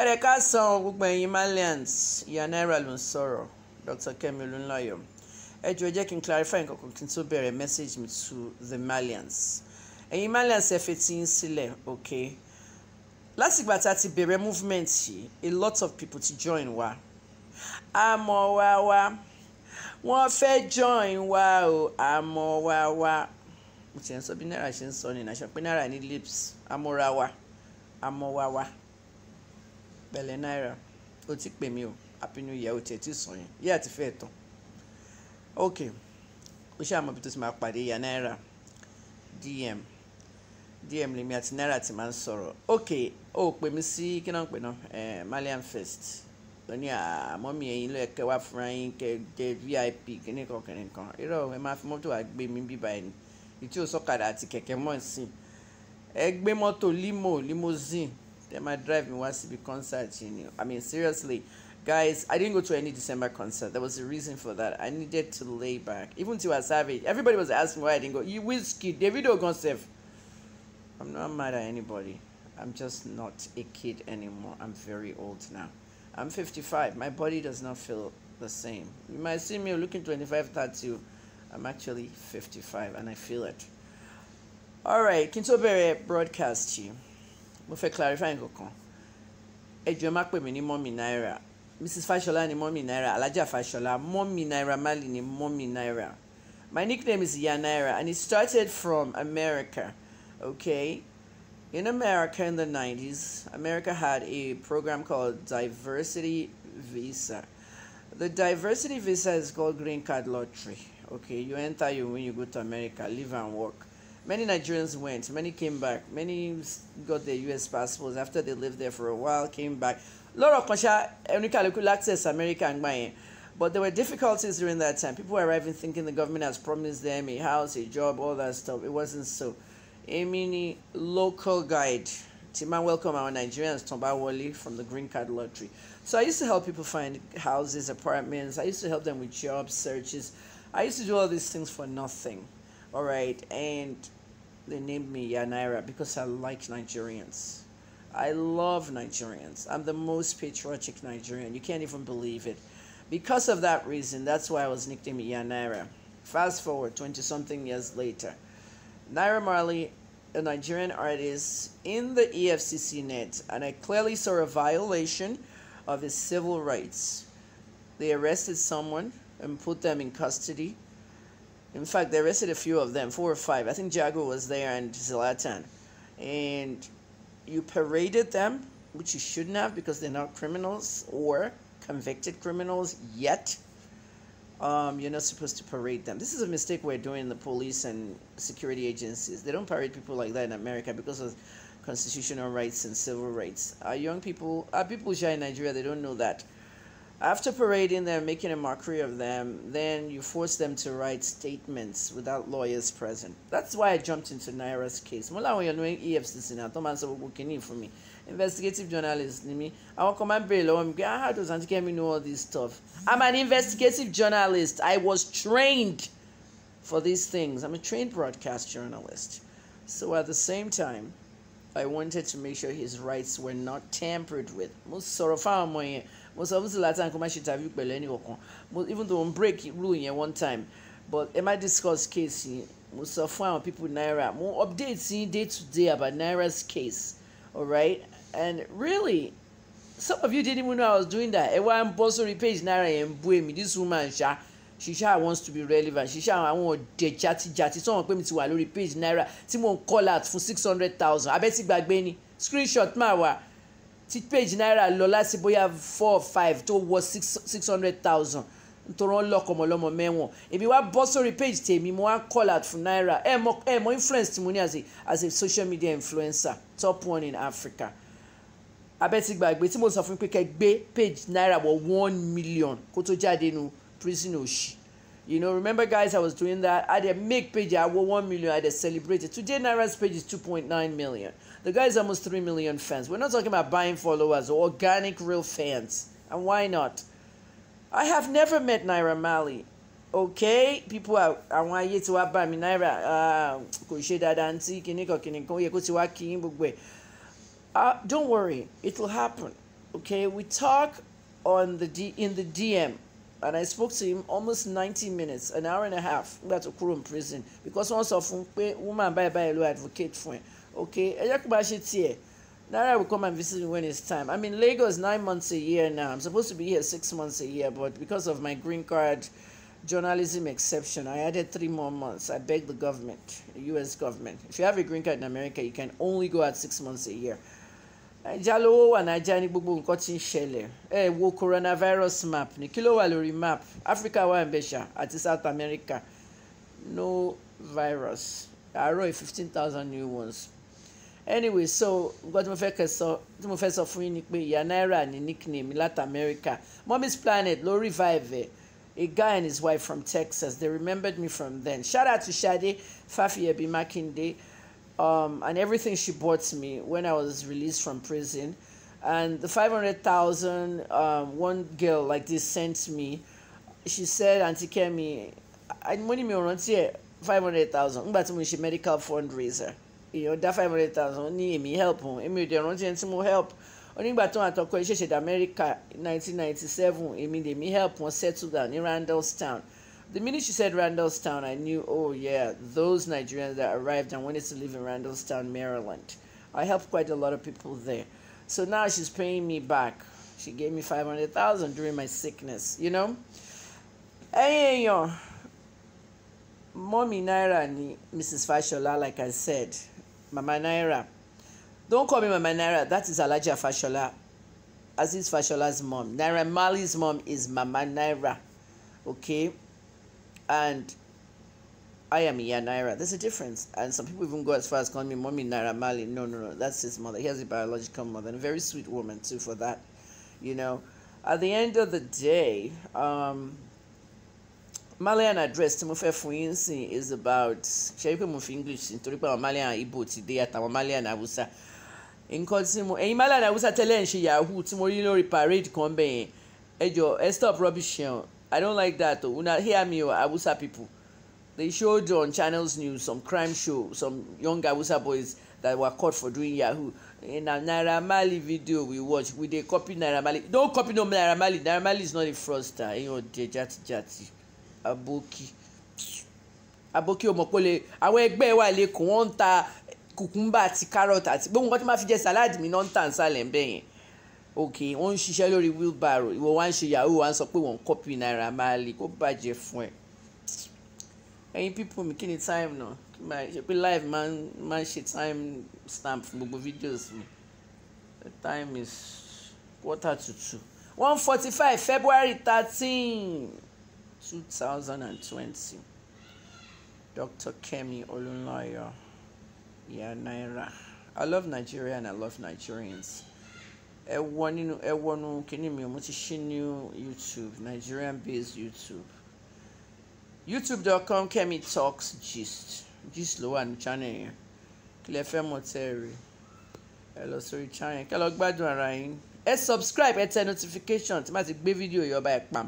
ẹ̀rẹ̀ ká san gbogbo ẹ̀yin malians ìyá náírà ló ń sọ̀rọ̀ Dr. Kemi Olunloyo ẹ jọ̀ọ́ jẹ́ kí n clarify nǹkan kan kí n tó bẹ̀rẹ̀ message mi to the malians ẹ̀yin malians ẹ fetí ń sílẹ̀ ok látìgbà tá a ti bẹ̀rẹ̀ movement yìí a lot of people ti join wa àmọ́ wa wa wọ́n fẹ́ join wa o àmọ́ wa wa mo ti ń sọ bí náírà ṣe ń sọ ní ìnáṣọ pé náírà ní lips àmọ́ra wa àmọ́ wa wa pẹ̀lẹ́ náírà ó ti pè mí o happy new year ó tiẹ̀ ti sàn yẹn yíyà ti fẹ́ tán ok ó ṣáà mọ ibi tó ti máa pàdé ìyá náírà dm dm lèmi àti náírà ti máa ń sọ̀rọ̀ ok ó pè mí sí kí náà ń pè náà malian first tó ní àmọ́ mi ẹ̀yin lọ́ọ́ wá fúnra yín kẹ́ jẹ́ vip kíní kan kíní kan irọ́ ẹ máa fi mọ́tò wá gbé mi bíbá ẹni ìtí ò sọ́kadà àti kẹ̀kẹ́ mọ́ sí ẹ gbé mọ́tò limo limousine They might drive me once to be concert, you know. I mean, seriously, guys, I didn't go to any December concert. There was a reason for that. I needed to lay back. Even to a savage, everybody was asking why I didn't go. You whiskey, David Ogonsev. I'm not mad at anybody. I'm just not a kid anymore. I'm very old now. I'm 55. My body does not feel the same. You might see me looking 25, 30. I'm actually 55 and I feel it. All right, Kintobere broadcast to you mo fẹ́ clarify nǹkan kan ẹ jọ̀ọ́ má pè mí ní mọ́mì náírà mrs fashola ni mọ́mì náírà alájà fashola mọ́mì náírà mali ni mọ́mì náírà my nickname is ìyá náírà and it started from america okay in america in the 90s america had a program called diversity visa the diversity visa is called green card lottery okay you enter you when you go to america live and work Many Nigerians went, many came back, many got their US passports after they lived there for a while, came back. Lọ́rọ̀ kan ṣá oníkàlùkù access America and gbà But there were difficulties during that time. People were arriving thinking the government has promised them a house, a job, all that stuff. It wasn't so. A mini local guide, Timan, welcome our Nigerians, Tomba Wali from the Green Card Lottery. So I used to help people find houses, apartments. I used to help them with job searches. I used to do all these things for nothing all right and they named me yanaira because i like nigerians i love nigerians i'm the most patriotic nigerian you can't even believe it because of that reason that's why i was nicknamed yanaira fast forward 20 something years later naira marley a nigerian artist in the efcc net and i clearly saw a violation of his civil rights they arrested someone and put them in custody in fact, they arrested a few of them, four or five. I think Jaguar was there and Zlatan. And you paraded them, which you shouldn't have because they're not criminals or convicted criminals yet. Um, you're not supposed to parade them. This is a mistake we're doing in the police and security agencies. They don't parade people like that in America because of constitutional rights and civil rights. Our young people, our people here in Nigeria, they don't know that. After parading them, making a mockery of them, then you force them to write statements without lawyers present. That's why I jumped into Naira's case. Mo láwọn èèyàn ní EFCC náà tó máa ń sọ gbogbo Investigative journalist ni mí. Àwọn kan máa ń béèrè lọ́wọ́ mi awon kan maa mi pe how does Aunty Kemi know all this stuff? I'm an investigative journalist. I was trained for these things. I'm a trained broadcast journalist. So at the same time, I wanted to make sure his rights were not tampered with. Mo sọ̀rọ̀ fáwọn ọmọ yẹn, mo sọ fún Zlatan kó má ṣe interview pẹ̀lú ẹnì kankan. Mo even though I'm break rule yẹn one time but ẹ má discuss case yẹn. Mo sọ fún àwọn people Naira. Mo update yín day to day about Naira's case. All right, and really some of you didn't even know I was doing that. Ẹ wá ń bọ́ sórí page Naira yẹn ń bú èmi, this woman ṣá. Sure she sha wants to be relevant she sha àwọn ọ̀dẹ̀ jatijati sọ̀rọ̀ pé mi ti wà lórí page Naira. tí mò ń call out fún six hundred thousand abẹ́tí gbàgbé ni screenshot máa wà tí page Naira lọ láti bóyá four five tó wọ six six hundred thousand nítorí wọn lọkọ ọmọlọmọ mẹ́wọ̀n èmi wá bọ́ sórí page tèmi mo wá call out fún Naira. ẹ mọ ẹ mọ influence tí mo ní as a as a social media influencer top one in Africa abẹ́tí gbàgbé tí mo sọ fún pé kẹ́ gbé page Naira wọ one million kó tó jáde nu praising You know, remember guys, I was doing that. I did make page, I won 1 million, I did celebrate it. Today, Naira's page is 2.9 million. The guy is almost 3 million fans. We're not talking about buying followers or organic real fans. And why not? I have never met Naira Mali. Okay, people are I want you to ba me naira ah, ko se daadaa nti kinni kan do ah, Don't worry, it will happen. Okay, we talk on the D, in the DM and I spoke to him almost 90 minutes, an hour and a half, about tó kúrò in prison because once of fún un pé woman báyìí will advocate for him. okay ẹ jẹ́ will come and visit me when it's time. I'm in Lagos nine months a year now. I'm supposed to be here six months a year, but because of my green card journalism exception, I added three more months. I beg the government, the U.S. government, if you have a green card in America, you can only go out six months a year. ajá lówó wà nájà ní gbogbo nǹkan tí ń ṣẹlẹ̀ ẹ wo coronavirus map ní kí ló wà lórí map Africa wà mbẹ̀ṣà àti South America no virus àárọ̀ yìí fifteen thousand new ones anyway so nǹkan tí mo fẹ́ kẹsọ tí mo fẹ́ sọ fún yín ni pé ìyá náírà ní nickname Latin America mommy's planet ló revive ẹ̀. a guy and his wife from Texas. They remembered me from then. Shout out to Shade Fafiyebi Makinde. um, and everything she bought me when I was released from prison. And the 500,000 um, one girl like this sent me. She said, Auntie Kemi, I money me here 500,000. But she medical fundraiser. You know, that 500,000 need me help. Èmi ò dẹ̀ rántí ẹni tí mo help. Onígbà tó àtọ́ kọ́ she ṣẹ̀dá America 1997, èmi me help wọn settle down ní Randallstown. The minute she said Randallstown, I knew, oh yeah, those Nigerians that arrived and wanted to live in Randallstown, Maryland. I helped quite a lot of people there. So now she's paying me back. She gave me 500,000 during my sickness, you know? Hey, yo. Mommy Naira and Mrs. Fashola, like I said, Mama Naira. Don't call me Mama Naira. That is Alaja Fashola. Aziz Fashola's mom. Naira Mali's mom is Mama Naira. Okay? and I am Iya Naira. There's a difference. And some people even go as far as calling me Mommy Naira Mali. No, no, no. That's his mother. He has a biological mother and a very sweet woman, too, for that. You know, at the end of the day, um, Malian address tí mo fẹ́ fún is about ṣe pé mo fi English nítorí pé àwọn Malian Igbo ti dé àtàwọn Malian Hausa nǹkan tí mo ẹ̀yin Malian Hausa tẹ́lẹ̀ ń ṣe yahoo tí mo rí lórí parade kan bẹ́ẹ̀ ẹ stop rubbish yẹn I don't like that though. Una hear me or oh, Abusa people. They showed on channels news some crime show, some young Abusa boys that were caught for doing Yahoo. In a Naira Mali video we watch, we they copy Naira Mali. Don't copy no Naira Mali. Naira Mali is not a fraudster. You know, jati jati. Aboki. Aboki Omokole. Àwọn ẹgbẹ́ wa lẹ́kọ̀ọ́ wọ́n ń ta kùkúmbà àti kárọ̀tì àti gbogbo nǹkan tí wọ́n máa fi jẹ sàláàdì mi náà ń tà ń Okay, wọ́n ń ṣiṣẹ́ lórí wheelbarrow ìwọ wá ń ṣe yahoo wá ń sọ pé wọ́n ń kọ́pì Naira Marley kó bàjẹ́ fún ẹ ẹ̀yin people mi kí ni time náà kí máa ṣe pé live máa ń ṣe time stamp fún gbogbo videos mi the time is quarter to two one forty five February thirteen two thousand and twenty Dr. Kemi Olunloyo yeah Naira I love Nigeria and I love Nigerians ẹ wọ nínú ẹ wọnú kíní mi ti ṣí ní youtube nigerian based youtube youtube.com kemi talks gist gist ló wà ní channel yẹn kí lẹ fẹ́ mọ̀ tẹ́ rí ẹ lọ sórí channel yẹn kẹ́ lọ gbádùn ara yín ẹ subscribe ẹ tẹ notification tí má ti gbé fídíò yọba ẹ pam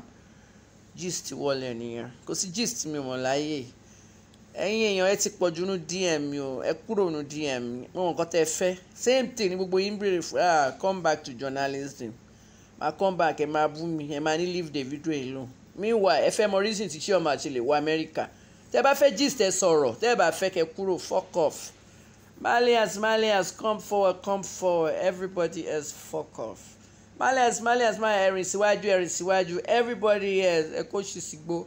gist wọlé nìyẹn kò sí gist mi mọ̀ láyé yìí ẹ̀yin èèyàn ẹ ti pọ̀ jù nú dm mi o ẹ kúrò nú dm mi mo nǹkan tẹ́ fẹ́ same thing ni gbogbo yín béèrè fún ah come back to journalism ma come back ẹ máa bú mi ẹ máa ní leave the video alone meanwhile ẹ fẹ́ mọ reason tí Chioma àti lè wọ Amẹ́ríkà tẹ́ bá fẹ́ gist ẹ sọ̀rọ̀ tẹ́ bá fẹ́ kẹ́ kúrò fuck off malias malias come forward come forward everybody else fuck off malias malias malias ẹ̀rìn síwájú ẹ̀rìn síwájú everybody else ẹ kó ṣì sígbó.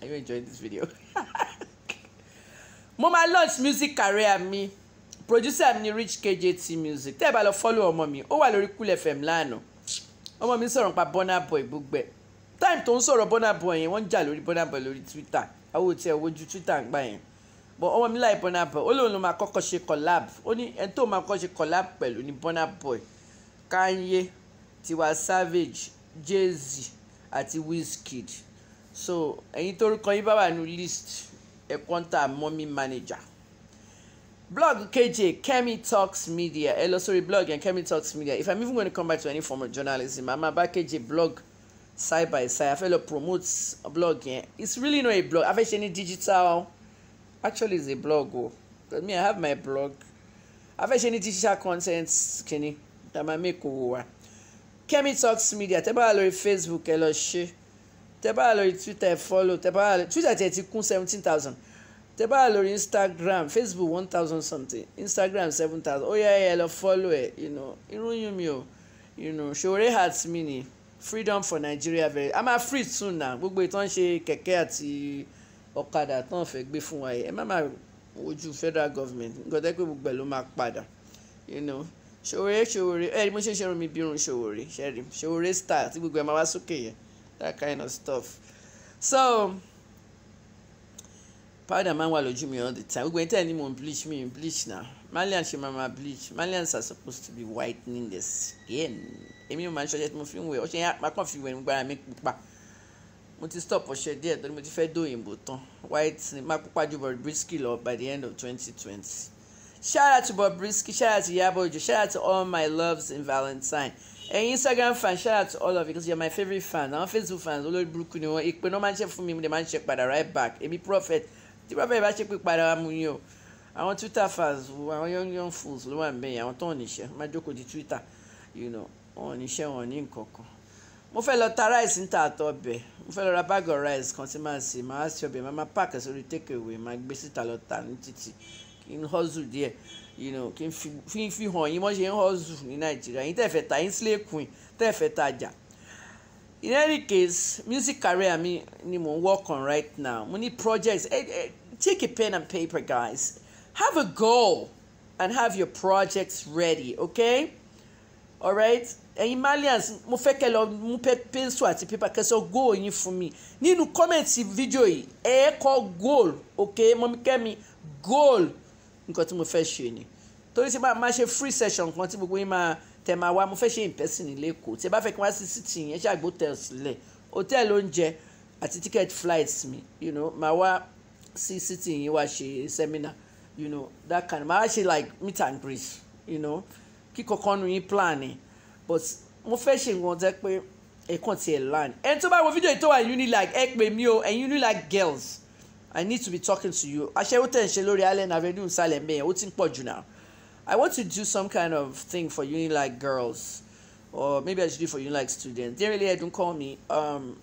Are you enjoying this video? mo máa launch music career mi producer mi ni Rich KJT Music tẹ́ ẹ bá lọ follow ọmọ mi ó wà lórí Cool FM lánàá ọmọ mi sọ̀rọ̀ pa Burna Boy gbogbo time tó ń sọ̀rọ̀ Burna Boy yẹn wọ́n ń jà lórí Burna Boy lórí Twitter àwọn òtí ẹ̀ wojú Twitter ń gbà yẹn but ọmọ mi láì Burna Boy ó lóun ló máa kọ́kọ́ ṣe collab ó ní ẹni tó máa kọ́kọ́ ṣe collab pẹ̀lú ní Burna Boy Kanye Tiwa Savage Jay-Z àti Wizkid so ẹ̀yin tórúkọ yín bá wà ní list ẹ kọ́ńtà mọ́mí manager blog keje Kemi Talks Media ẹ lọ sórí blog yẹn Kemi Talks Media if I'm even going to come back to any form of journalism àmọ́ bá keje blog side by side I fẹ́ lọ promote blog yẹn it's really not a blog a fẹ́ ṣe ní digital actually it's a blog o but me I have my blog a fẹ́ ṣe ní digital content kìíní that my make owó wa Kemi Talks Media tẹ́ bá wà lórí Facebook ẹ lọ ṣe tẹ bá lórí twitter follow tẹ bá twitter tiẹ̀ ti kún seventeen thousand tẹ bá lórí instagram facebook one thousand something instagram seven thousand ó yẹ ẹ lọ follow ẹ you know, irúyìn mi o you know, ṣòro heart mi ni freedom for nigeria very i'm a free soon na gbogbo ìtàn ṣe kẹ̀kẹ́ àti ọ̀kadà tán fẹ́ gbé fún wa yìí ẹ má má wojú federal government nǹkan tẹ́ pé gbogbo ẹ̀ ló máa padà you know ṣòwòrè ṣòwòrè ẹ mo ṣe ṣe irun mi bí irun ṣòwòrè ṣẹ́rí ṣòwòrè star tí gbogbo ẹ̀ máa wá sókè yẹn that kind of stuff so powder man wà lójú me all the time gbogbo ẹni tẹ́ ẹ ní mo bleach mi bleach na malian ṣe máa bleach malians are supposed to be whitening the skin èmi ò máa ń ṣọṣẹ tí mo fi ń wẹ̀ ọṣẹ yẹn apákan fi wẹ̀ nígbàrà mi pupa mo ti stop ọṣẹ díẹ̀ torí mo ti fẹ́ dóyìnbó tán white ni má pupa ju Bobrisky lọ by the end of 2020. shout out to Bobrisky shout out to yabo. Ojo shout out to all my loves in Valentine And Instagram fans shout out to all of you because you're my favorite fans. I'm Facebook fans All burúkú ni wọn ìpè náà máa ń ṣe fún mi mo dẹ̀ máa ń ṣe padà right back èmi prophet The prophet I check with padà wá mu yín o Twitter fans àwọn young young fools ló wà ń bẹ̀yìn àwọn tó ń níṣẹ́ má jókòó di Twitter you know wọn ò níṣẹ́ wọn ò ní nǹkan kan mo fẹ́ lọ ta rice níta àtọ̀ ọbẹ̀ mo fẹ́ lọ ra bag of rice kan tí màá sè màá sè ọbẹ̀ màá máa pààkì sórí take away màá gbé síta lọ tà ní títì kí n hustle díẹ̀ you know kí fi fi fi hàn yín mọ́ ṣe ń hustle ní nàìjíríà yín tẹ̀fẹ̀ ta yín sílé kùn tẹ̀fẹ̀ ta jà in any case music career mi ni mo work on right now mo need projects eh, eh, take a pen and paper guys have a goal and have your projects ready okay alright ẹ̀yin malians mo fẹ́ kẹ́ lọ mú pencil àti paper kẹ́ sọ goal yín fún mi nínú comment fídíò yìí ẹ kọ goal okay mọ́mí kẹ́mi goal nǹkan tí mo fẹ́ ṣe ni torí tí bá máa ṣe free session kan tí gbogbo yín máa tẹ̀ máa wá mo fẹ́ ṣe in person ní lẹ́kọ̀ọ́ tí ẹ bá fẹ́ kí wọ́n á sí city yẹn ṣàgbó tẹ̀ sílẹ̀ hotel oúnjẹ àti ticket flights mi you know máa wá sí city yẹn wá ṣe seminar you know that kind máa ṣe like meet and greet you know kí kankan nu yín plan ni but mo fẹ́ ṣe nǹkan tẹ́ pé ẹ̀kan tiẹ̀ land ẹni tó bá wo fídíò yìí tó wà Unilag ẹ pè mí o ẹ̀yin like girls I need to be talking to you. Allen now. I want to do some kind of thing for like girls or maybe I should do for like students. don't call me. Um,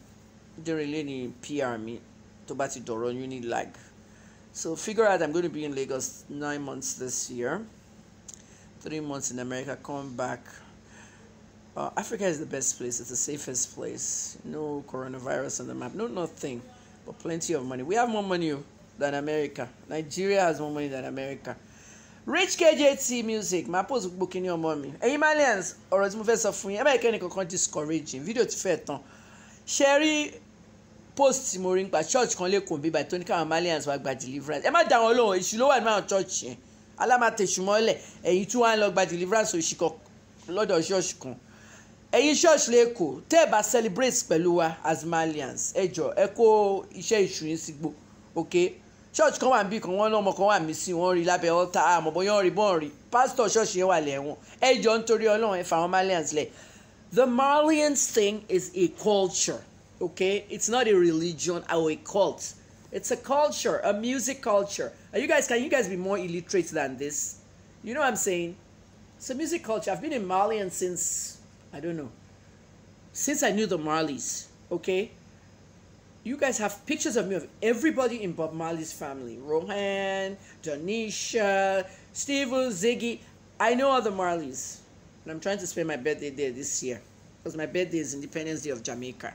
Dérèlé ni PR me tó bá ti uni like. So figure out I'm going to be in Lagos nine months this year, three months in America, come back. Uh, Africa is the best place. It's the safest place. No coronavirus on the map. No nothing. but plenty of money. We have more money oh, than America. Nigeria has more money than America. Rich KJT music My post gbogbo kíní ọmọ mi ẹ̀yin malians ọ̀rọ̀ tí mo fẹ́ sọ fún yín ẹ báyìí kẹ́ni kankan discouraging fídíò ti fẹ́ tán ṣe rí post tí mo rí nípa church kan lẹ́kọ̀ọ́ bíbá tó ní káwọn malians wá gba deliverance ẹ má dá wọn lóhùn And ló wà nínú àwọn church yẹn alámàtẹ̀sùmọ́lẹ̀ ẹ̀yin tí wọ́n á lọ gba deliverance òṣìkọ lọ́dọ̀ ṣọ́ọ̀ṣì ẹ̀yin church lẹ́kọ̀ọ́ tẹ́ ẹ̀ bá celebrate pẹ̀lú wa as malians ẹ jọ ẹ kó iṣẹ́ ìṣù yín sí gbó ok church kan wà níbì kan wọ́n lọ́mọ kan wà mí sí wọ́n rí lábẹ́ ọ́ta àmọ́ bóyá wọ́n rí bọ́ọ̀ rí pásítọ̀ church yẹn wà lẹ́wọ̀n ẹ jọ nítorí ọlọ́run ẹ fà malians lẹ̀ the malians thing is a culture okay it's not a religion or a cult it's a culture a music culture are you guys can you guys be more illiterate than this you know what i'm saying it's a music culture i've been in malian since I don't know. Since I knew the Marleys, okay, you guys have pictures of me of everybody in Bob Marley's family. Rohan, Donisha, Steve, Ziggy. I know all the Marleys. And I'm trying to spend my birthday there this year. Because my birthday is Independence Day of Jamaica.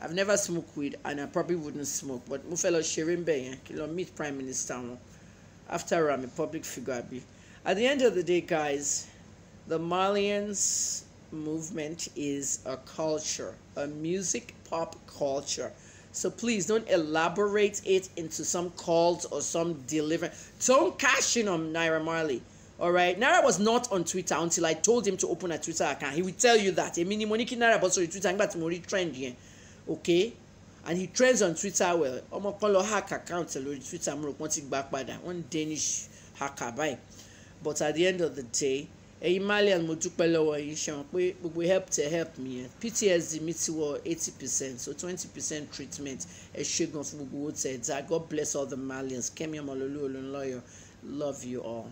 I've never smoked weed and I probably wouldn't smoke. But Mufelo Shirimbe, Kilo meet Prime Minister. After I'm a public figure. At the end of the day, guys, the Marleys movement is a culture, a music pop culture. So please don't elaborate it into some cult or some deliverance. Don't cash in on Naira Marley. All right. Naira was not on Twitter until I told him to open a Twitter account. He will tell you that. A mini moniki Naira but sorry Twitter but more trend here. Okay. And he trends on Twitter well. Ọmọ kan lọ hack account lórí Twitter mo rò pọ́n back by that. One Danish hacker by. But at the end of the day, ẹ̀yin malian mo dúpẹ́ lọ́wọ́ yín ṣeun pé gbogbo help to help me. yẹn ptsd mi ti wọ eighty percent so twenty percent treatment ẹ ṣe gan fún gbogbo owó tẹ̀ dá god bless all the malians kẹ́mi ọmọlólú olùńlọ́yọ̀ love you all.